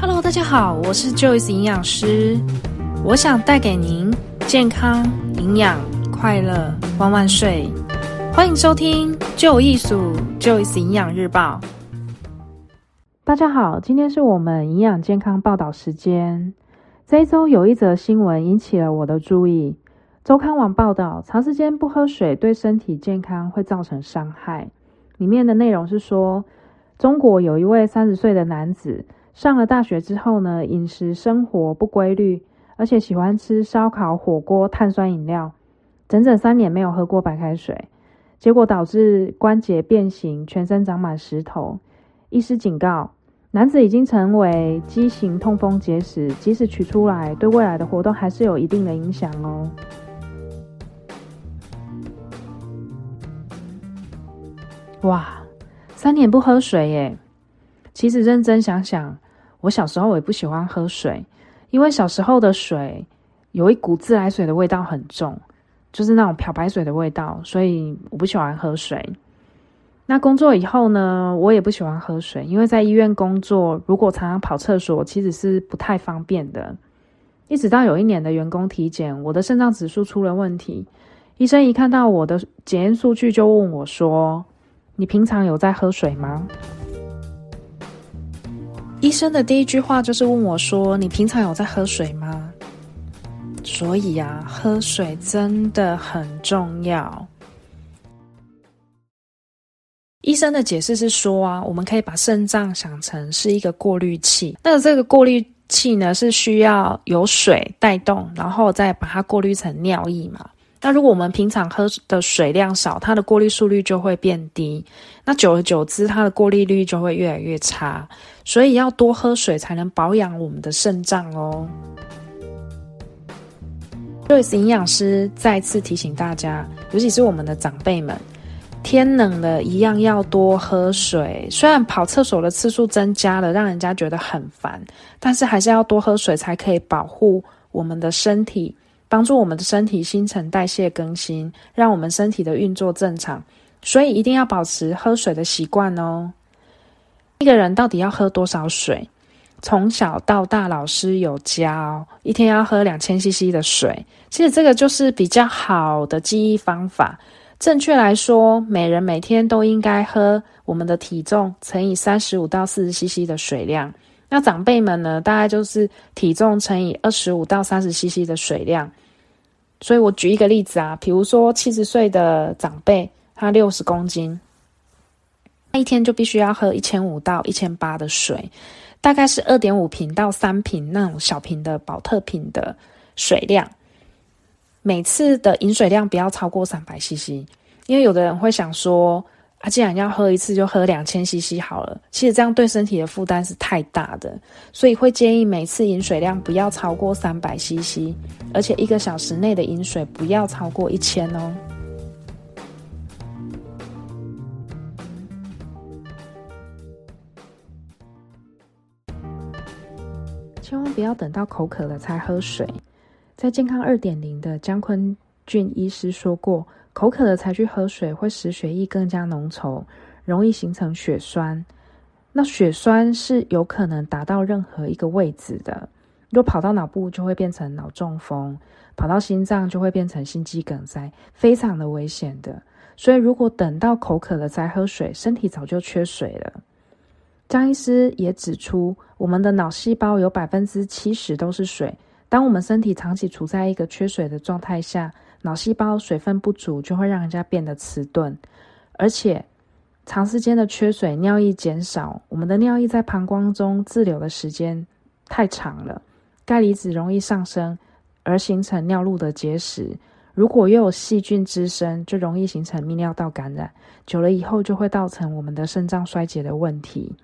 Hello，大家好，我是 Joyce 營養師，我想帶給您健康、營養、快樂、萬萬歲！歡迎收聽就藝署 Joyce 營養日報。大家好，今天是我們營養健康報道時間。這一周有一則新聞引起了我的注意。周刊網報道，長時間不喝水對身體健康會造成傷害。裡面的內容是說，中國有一位三十歲的男子。上了大學之後呢，飲食生活不規律，而且喜歡吃燒烤、火鍋、碳酸飲料，整整三年沒有喝過白開水，結果導致關節變形，全身長滿石頭。醫師警告，男子已經成為畸形痛風結石，即使取出來，對未來的活動還是有一定的影響哦。哇，三年不喝水耶！其實認真想想。我小時候我也不喜歡喝水，因為小時候的水有一股自來水的味道很重，就是那種漂白水的味道，所以我不喜歡喝水。那工作以後呢，我也不喜歡喝水，因為在醫院工作，如果常常跑廁所，其實是不太方便的。一直到有一年的員工體檢，我的腎臟指數出了問題，醫生一看到我的檢驗數據就問我說：“你平常有在喝水嗎？”醫生的第一句話就是問我說：“你平常有在喝水嗎？”所以啊，喝水真的很重要。醫生的解釋是說啊，我們可以把腎臟想成是一個過濾器，那這個過濾器呢，是需要有水帶動，然後再把它過濾成尿液嘛。那如果我們平常喝的水量少，它的過濾速率就會變低。那久而久之，它的過濾率就會越來越差。所以要多喝水才能保養我們的腎臟哦。Joyce 營養師再次提醒大家，尤其是我們的長輩們，天冷了，一樣要多喝水。雖然跑廁所的次數增加了，讓人家覺得很煩，但是還是要多喝水，才可以保護我們的身體。幫助我們的身體新陳代謝更新，讓我們身體的運作正常，所以一定要保持喝水的習慣哦。一個人到底要喝多少水？從小到大老師有教哦，一天要喝兩千 CC 的水。其實這個就是比較好的記憶方法。正確來說，每人每天都應該喝我們的體重乘以三十五到四十 CC 的水量。那長輩們呢？大概就是體重乘以二十五到三十 CC 的水量。所以我舉一個例子啊，比如說七十歲的長輩，他六十公斤，那一天就必須要喝一千五到一千八的水，大概是二點五瓶到三瓶那種小瓶的寶特瓶的水量。每次的飲水量不要超過三百 CC，因為有的人會想說，他、啊、既然要喝一次，就喝兩千 CC 好了。其實這樣對身體的負擔是太大的，所以會建議每次飲水量不要超過三百 CC，而且一個小時內的飲水不要超過一千哦。千萬不要等到口渴了才喝水。在健康二點零的江坤俊醫師說過，口渴了才去喝水，會使血液更加濃稠，容易形成血栓。那血栓是有可能達到任何一個位置的。如果跑到腦部，就會變成腦中風；跑到心臟，就會變成心肌梗塞，非常的危險的。所以，如果等到口渴了才喝水，身體早就缺水了。張醫師也指出，我們的腦細胞有百分之七十都是水。當我們身體長期處在一個缺水的狀態下，腦細胞水分不足，就會讓人家變得遲鈍，而且長時間的缺水，尿液減少，我們的尿液在膀胱中滯留的時間太長了，鈣離子容易上升，而形成尿路的結石。如果又有細菌滋生，就容易形成泌尿道感染。久了以後就會造成我們的腎臟衰竭的問題。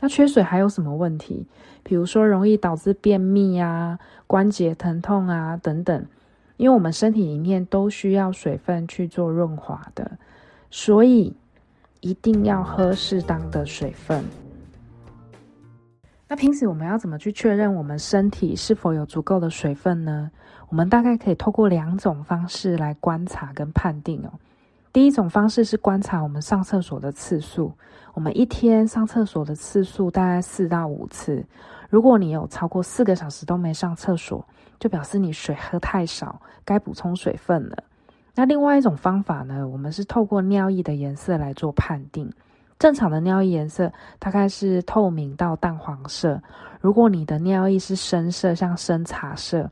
那缺水還有什麼問題？比如說容易導致便秘啊、關節疼痛啊等等。因為我們身體裡面都需要水分去做潤滑的，所以一定要喝適當的水分。那平時我們要怎麼去確認我們身體是否有足夠的水分呢？我們大概可以透過兩種方式來觀察跟判定哦。第一種方式是觀察我們上廁所的次數，我們一天上廁所的次數大概四到五次。如果你有超過四個小時都沒上廁所，就表示你水喝太少，該補充水分了。那另外一種方法呢？我們是透過尿液的顏色來做判定。正常的尿液顏色大概是透明到淡黃色。如果你的尿液是深色，像深茶色，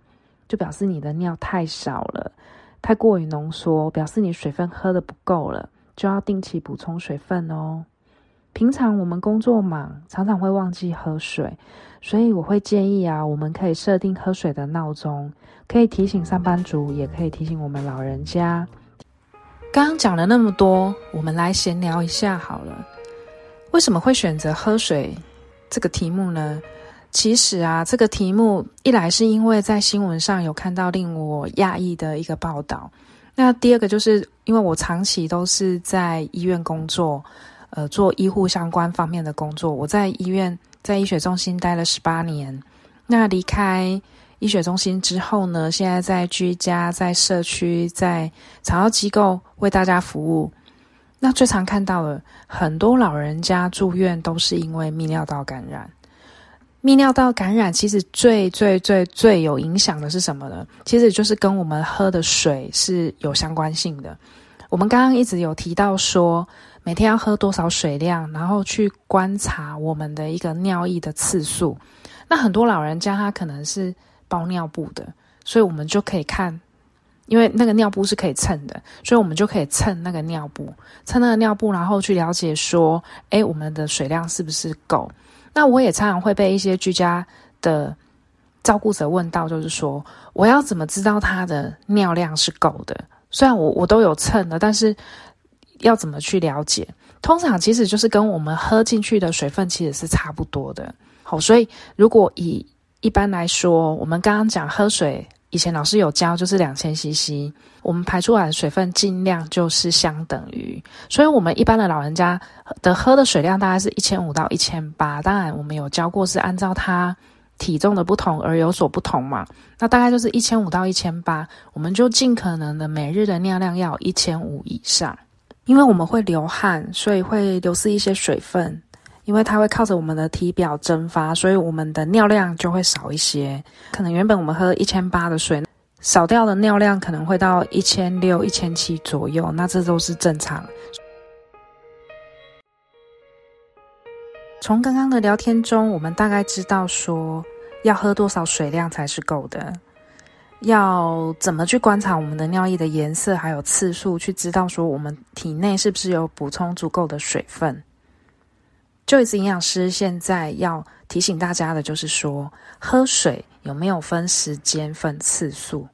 就表示你的尿太少了，太過於濃縮，表示你水分喝得不夠了，就要定期補充水分哦。平常我們工作忙，常常會忘記喝水，所以我會建議啊，我們可以設定喝水的鬧鐘，可以提醒上班族，也可以提醒我們老人家。剛剛講了那麼多，我們來閒聊一下好了。為什麼會選擇喝水這個題目呢？其實啊，這個題目一來是因為在新聞上有看到令我訝異的一個報道，那第二個就是因為我長期都是在醫院工作。呃，做醫護相關方面的工作，我在醫院，在醫學中心待了十八年。那離開醫學中心之後呢？現在在居家，在社區，在長照機構為大家服務。那最常看到的很多老人家住院都是因為泌尿道感染。泌尿道感染其實最，最最最最有影響的是什麼呢？其實就是跟我們喝的水是有相關性的。我們剛剛一直有提到說，每天要喝多少水量，然後去觀察我們的一個尿液的次數。那很多老人家他可能是包尿布的，所以我們就可以看，因為那個尿布是可以秤的，所以我們就可以秤那個尿布，秤那個尿布，然後去了解說，誒，我們的水量是不是夠？那我也常常會被一些居家的照顧者問到，就是說，我要怎麼知道他的尿量是夠的？雖然我我都有秤的，但是。要怎麼去了解？通常其實就是跟我們喝進去的水分其實是差不多的。好，所以如果以一般來說，我們剛剛講喝水，以前老師有教就是兩千 CC，我們排出來的水分盡量就是相等於。所以，我們一般的老人家的喝的水量大概是一千五到一千八。當然，我們有教過是按照他體重的不同而有所不同嘛。那大概就是一千五到一千八，我們就盡可能的每日的尿量，量要一千五以上。因為我們會流汗，所以會流失一些水分，因為它會靠着我們的體表蒸發，所以我們的尿量就會少一些。可能原本我們喝一千八的水，少掉的尿量可能會到一千六、一千七左右，那這都是正常。從剛剛的聊天中，我們大概知道說要喝多少水量才是夠的。要怎麼去觀察我們的尿液的顏色，還有次數，去知道說我們體內是不是有補充足夠的水分？Joyce 營養師現在要提醒大家的就是說，喝水有沒有分時間、分次數？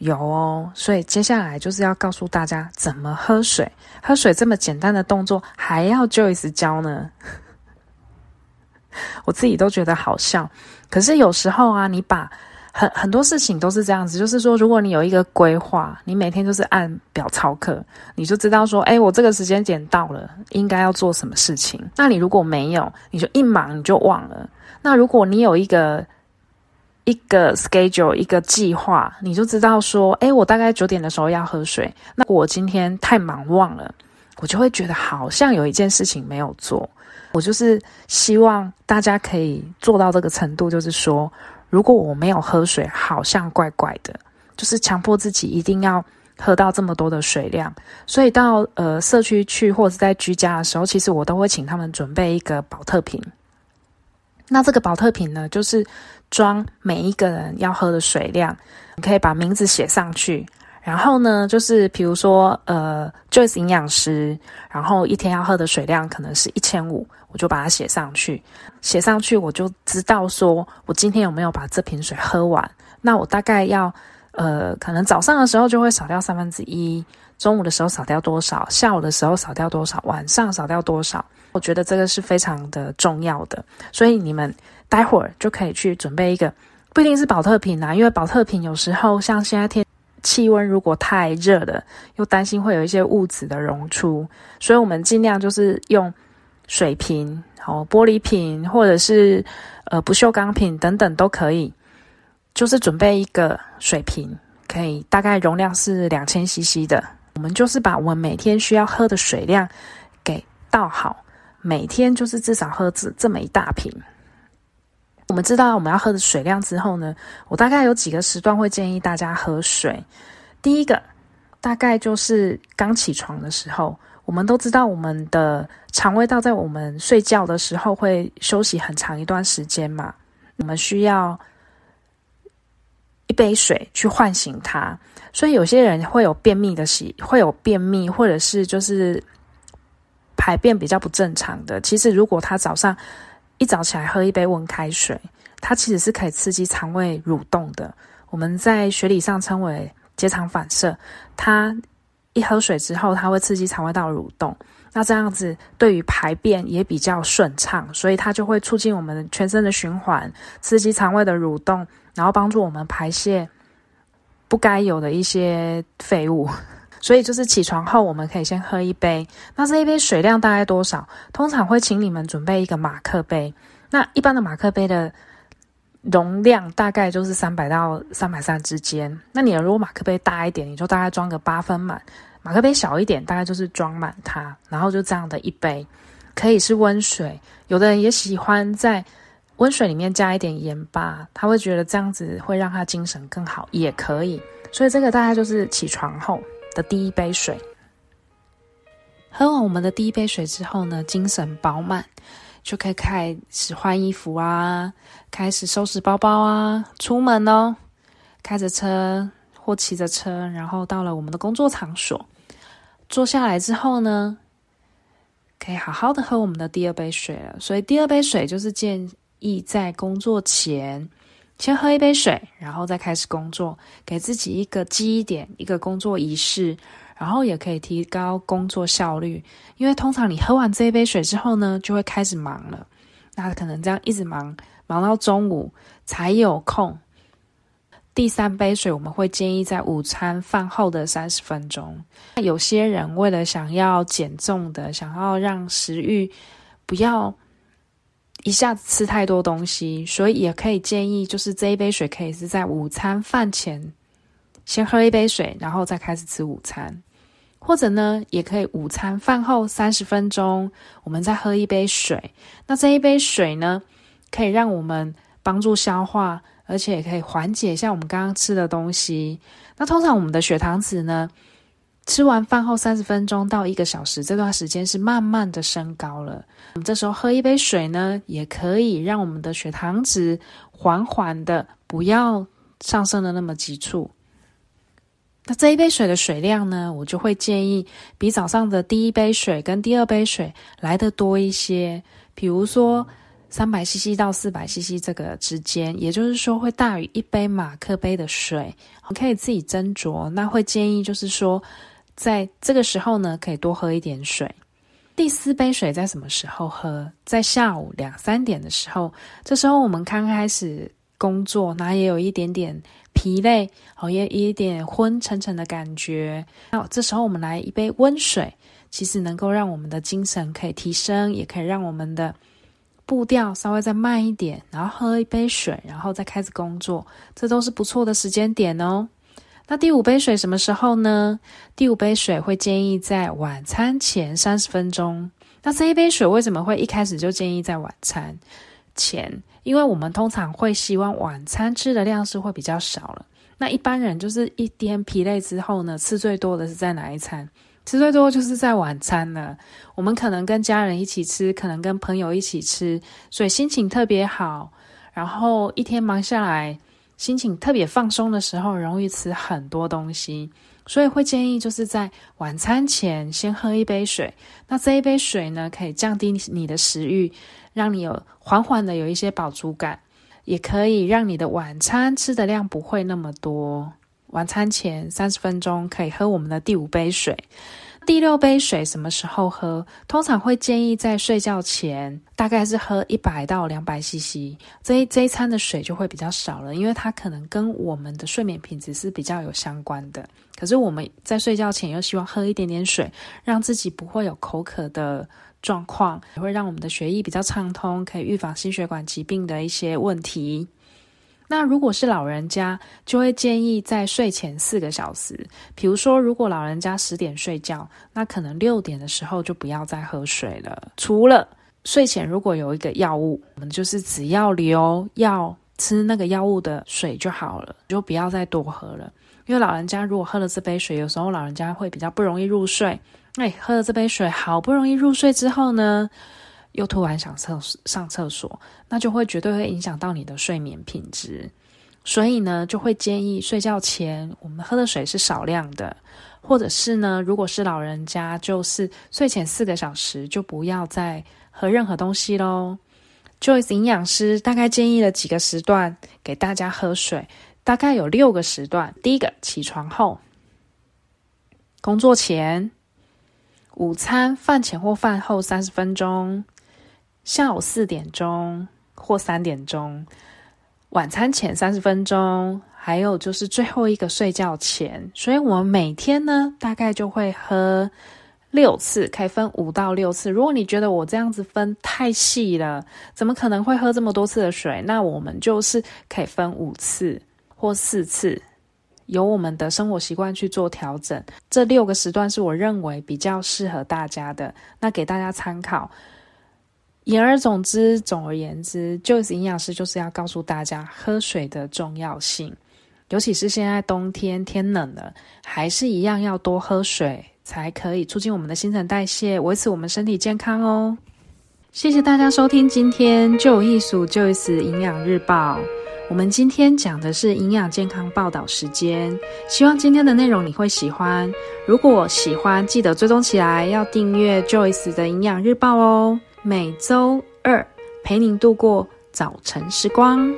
有哦，所以接下來就是要告訴大家怎麼喝水。喝水這麼簡單的動作，還要 Joyce 教呢？ 我自己都覺得好笑。可是有時候啊，你把很很多事情都是這樣子，就是說，如果你有一個規劃，你每天就是按表操課，你就知道說，誒、欸，我這個時間點到了，應該要做什麼事情。那你如果沒有，你就一忙你就忘了。那如果你有一個一個 schedule 一個計劃，你就知道說，誒、欸，我大概九點的時候要喝水。那我今天太忙忘了，我就會覺得好像有一件事情沒有做。我就是希望大家可以做到這個程度，就是說。如果我沒有喝水，好像怪怪的，就是強迫自己一定要喝到這麼多的水量。所以到呃社區去，或者在居家的時候，其實我都會請他們準備一個保特瓶。那這個保特瓶呢，就是裝每一個人要喝的水量，你可以把名字寫上去。然後呢，就是比如說，呃，就 e 營養師，然後一天要喝的水量可能是一千五，我就把它寫上去，寫上去我就知道說，我今天有沒有把這瓶水喝完。那我大概要，呃，可能早上的時候就會少掉三分之一，中午的時候少掉多少，下午的時候少掉多少，晚上少掉多少。我覺得這個是非常的重要的，所以你們待會兒就可以去準備一個，不一定是寶特瓶啊，因為寶特瓶有時候像現在天。氣溫如果太熱了，又擔心會有一些物質的溶出，所以我們盡量就是用水瓶，哦，玻璃瓶或者是呃，不鏽鋼瓶等等都可以，就是準備一個水瓶，可以大概容量是兩千 cc 的，我們就是把我們每天需要喝的水量給倒好，每天就是至少喝這麼一大瓶。我們知道我們要喝的水量之後呢，我大概有幾個時段會建議大家喝水。第一個，大概就是剛起床的時候。我們都知道我們的腸胃道在我們睡覺的時候會休息很長一段時間嘛，我們需要一杯水去喚醒它。所以有些人會有便秘的習，會有便秘，或者是就是排便比較不正常的。其實如果他早上，一早起來喝一杯溫開水，它其實是可以刺激腸胃蠕動的。我們在學理上稱為結腸反射。它一喝水之後，它會刺激腸胃道蠕動。那這樣子對於排便也比較順暢，所以它就會促進我們全身的循環，刺激腸胃的蠕動，然後幫助我們排泄不該有的一些廢物。所以就是起床後，我們可以先喝一杯。那這一杯水量大概多少？通常會請你們準備一個馬克杯。那一般的馬克杯的容量大概就是三百到三百三之間。那你如果馬克杯大一點，你就大概裝個八分滿；馬克杯小一點，大概就是裝滿它。然後就這樣的一杯，可以是溫水。有的人也喜歡在溫水裡面加一點鹽巴，他會覺得這樣子會讓他精神更好，也可以。所以這個大概就是起床後的第一杯水，喝完我們的第一杯水之後呢，精神飽滿，就可以開始換衣服啊，開始收拾包包啊，出門哦，開着車或騎着車，然後到了我們的工作場所，坐下來之後呢，可以好好的喝我們的第二杯水了。所以第二杯水就是建議在工作前，先喝一杯水，然後再開始工作，給自己一個記憶點，一個工作儀式，然後也可以提高工作效率。因為通常你喝完這一杯水之後呢，就會開始忙了。那可能這樣一直忙，忙到中午才有空。第三杯水，我們會建議在午餐飯後的三十分鐘。那有些人為了想要減重的，想要讓食慾不要。一下子吃太多東西，所以也可以建議，就是這一杯水可以是在午餐飯前先喝一杯水，然後再開始吃午餐，或者呢，也可以午餐飯後三十分鐘，我們再喝一杯水。那這一杯水呢，可以讓我們幫助消化，而且也可以緩解一下我們剛剛吃的東西。那通常我們的血糖值呢，吃完飯後三十分鐘到一個小時，這段時間是慢慢的升高了。我們這時候喝一杯水呢，也可以讓我們的血糖值緩緩的，不要上升的那麼急促。那這一杯水的水量呢，我就會建議比早上的第一杯水跟第二杯水來得多一些，比如說三百 cc 到四百 cc 這個之間，也就是說會大於一杯馬克杯的水，可以自己斟酌。那會建議就是說，在這個時候呢，可以多喝一點水。第四杯水在什麼時候喝？在下午兩三點的時候，這時候我們剛開始工作，然後也有一點點疲累，哦，也有一點昏沉沉的感覺。那這時候我們來一杯溫水，其實能夠讓我們的精神可以提升，也可以讓我們的步調稍微再慢一點，然後喝一杯水，然後再開始工作，這都是不錯的時間點哦。那第五杯水什麼時候呢？第五杯水會建議在晚餐前三十分鐘。那這一杯水為什麼會一開始就建議在晚餐前？因為我們通常會希望晚餐吃的量是會比較少了。那一般人就是一天疲累之後呢，吃最多的是在哪一餐？吃最多就是在晚餐了。我們可能跟家人一起吃，可能跟朋友一起吃，所以心情特別好，然後一天忙下來，心情特別放鬆的時候，容易吃很多東西，所以會建議就是在晚餐前先喝一杯水。那這一杯水呢，可以降低你的食慾，讓你有緩緩的有一些飽足感，也可以讓你的晚餐吃的量不會那麼多。晚餐前三十分鐘可以喝我們的第五杯水。那第六杯水什麼時候喝？通常會建議在睡覺前，大概是喝一百到兩百 CC。這一這一餐的水就會比較少了，因為它可能跟我們的睡眠品質是比較有相關的。可是我們在睡覺前又希望喝一點點水，讓自己不會有口渴的狀況，也會讓我們的血液比較暢通，可以預防心血管疾病的一些問題。那如果是老人家，就會建議在睡前四個小時，比如說如果老人家十點睡覺，那可能六點的時候就不要再喝水了。除了睡前如果有一個藥物，我們就是只要留要吃那個藥物的水就好了，就不要再多喝了。因為老人家如果喝了這杯水，有時候老人家會比較不容易入睡。哎，喝了這杯水好不容易入睡之後呢，又突然想廁上廁所，那就會絕對會影響到你的睡眠品質。所以呢，就會建議睡覺前我們喝的水是少量的，或者是呢，如果是老人家，就是睡前四個小時就不要再喝任何東西嘍。Joyce 營養師大概建議了幾個時段給大家喝水，大概有六個時段：第一個，起床後；工作前；午餐，飯前或飯後三十分鐘。下午四點鐘或三點鐘，晚餐前三十分鐘，還有就是最後一個睡覺前。所以，我們每天呢，大概就會喝六次，可以分五到六次。如果你覺得我這樣子分太細了，怎麼可能會喝這麼多次的水？那我們就是可以分五次或四次，由我們的生活習慣去做調整。這六個時段是我認為比較適合大家的，那給大家參考。言而總之，總而言之，Joyce 營養師就是要告訴大家喝水的重要性，尤其是現在冬天天冷了，還是一樣要多喝水，才可以促進我們的新陳代謝，維持我們身體健康哦。 謝謝大家收聽今天就有藝術 Joyce 營養日報，我們今天講的是營養健康報道時間，希望今天的內容你會喜歡。如果喜歡，記得追蹤起來，要訂閱 Joyce 的營養日報哦。每週二陪您度過早晨時光。